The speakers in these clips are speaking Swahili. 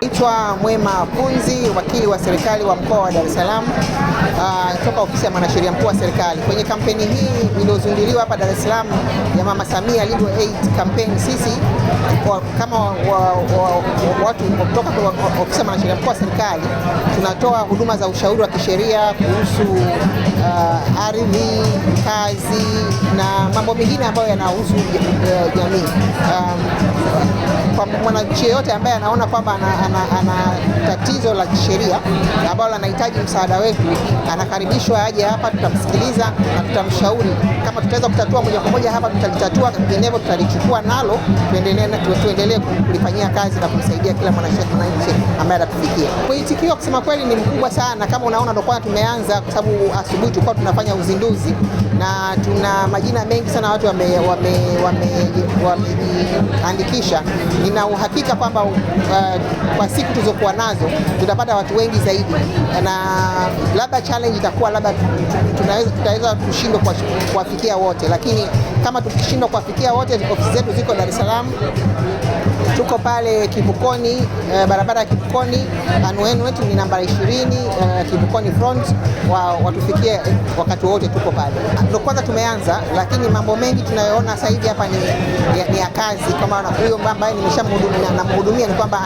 Naitwa Mwema Punzi, wakili wa serikali wa mkoa wa Dar es Salaam uh, ah, toka ofisi ya mwanasheria mkuu wa serikali. Kwenye kampeni hii iliyozinduliwa hapa Dar es Salaam ya Mama Samia Legal Aid campaign, sisi kwa, kama wa, wa, wa, watu kutoka kwa ofisi ya mwanasheria mkuu wa serikali tunatoa huduma za ushauri wa kisheria kuhusu uh, ardhi, kazi na mambo mengine ambayo yanahusu eh, jamii mwananchi yeyote ambaye anaona kwamba ana, ana, ana tatizo la kisheria ambalo anahitaji msaada wetu, anakaribishwa aje hapa, tutamsikiliza na tutamshauri. Kama tutaweza kutatua moja kwa moja hapa tutalitatua, vinginevyo tutalichukua nalo tuendelee kulifanyia kazi na kumsaidia kila mwananchi ambaye anatufikia. Mwitikio kusema kweli ni mkubwa sana, kama unaona ndo kwa tumeanza, kwa sababu asubuhi tulikuwa tunafanya uzinduzi na tuna majina mengi sana watu wamejiandikisha wame, wame, wame, wame, wame, wame, wame, uhakika kwamba uh, kwa siku tulizokuwa nazo tutapata watu wengi zaidi, na labda challenge itakuwa labda tunaweza tutaweza kushindwa kuwafikia wote, lakini kama tukishindwa kuwafikia wote, ofisi zetu ziko Dar es Salaam, tuko pale Kivukoni, uh, barabara ya Kivukoni. Anwani wetu ni namba 20, uh, Kivukoni front wa, watufikie wakati wote, tuko pale. Ndio kwanza tumeanza, lakini mambo mengi tunayoona sasa hivi hapa ni ya kazi, maana huyo ambaye nimeshamhudumia ni kwamba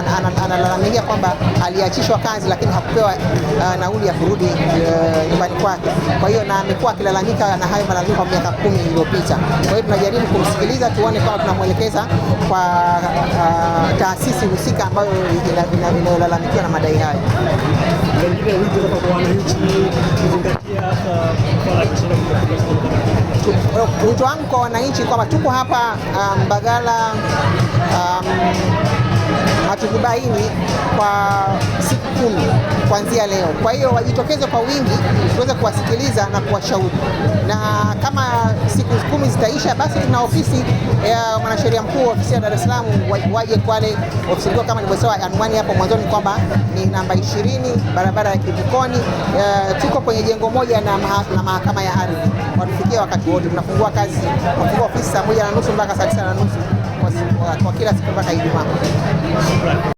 analalamikia kwamba aliachishwa kazi, lakini hakupewa uh, nauli ya kurudi uh, nyumbani uh, kwake. Kwa hiyo na amekuwa akilalamika na hayo malalamiko kwa miaka kumi iliyopita. Kwa hiyo tunajaribu kumsikiliza, tuone kama tunamwelekeza kwa uh, taasisi husika ambayo inayolalamikiwa na madai hayo. Pengine wito kutoka kwa wananchi kuzingatia uh, wito wangu kwa wananchi kwamba tuko hapa um, Mbagala um, um, hatukubaini kwa kuanzia leo. Kwa hiyo wajitokeze kwa wingi tuweze kuwasikiliza na kuwashauri, na kama siku kumi zitaisha, basi tuna ofisi ya mwanasheria mkuu ofisi ya Dar es Salaam, waje kwale ofisi hiyo, kama nilivyosema anwani hapo mwanzoni kwamba ni namba 20 barabara ya Kivukoni. tuko kwenye jengo moja na mahakama ya ardhi, watufikia wakati wote. Tunafungua kazi, tunafungua ofisi saa moja na nusu mpaka saa tisa na nusu kwa kila siku mpaka Ijumaa.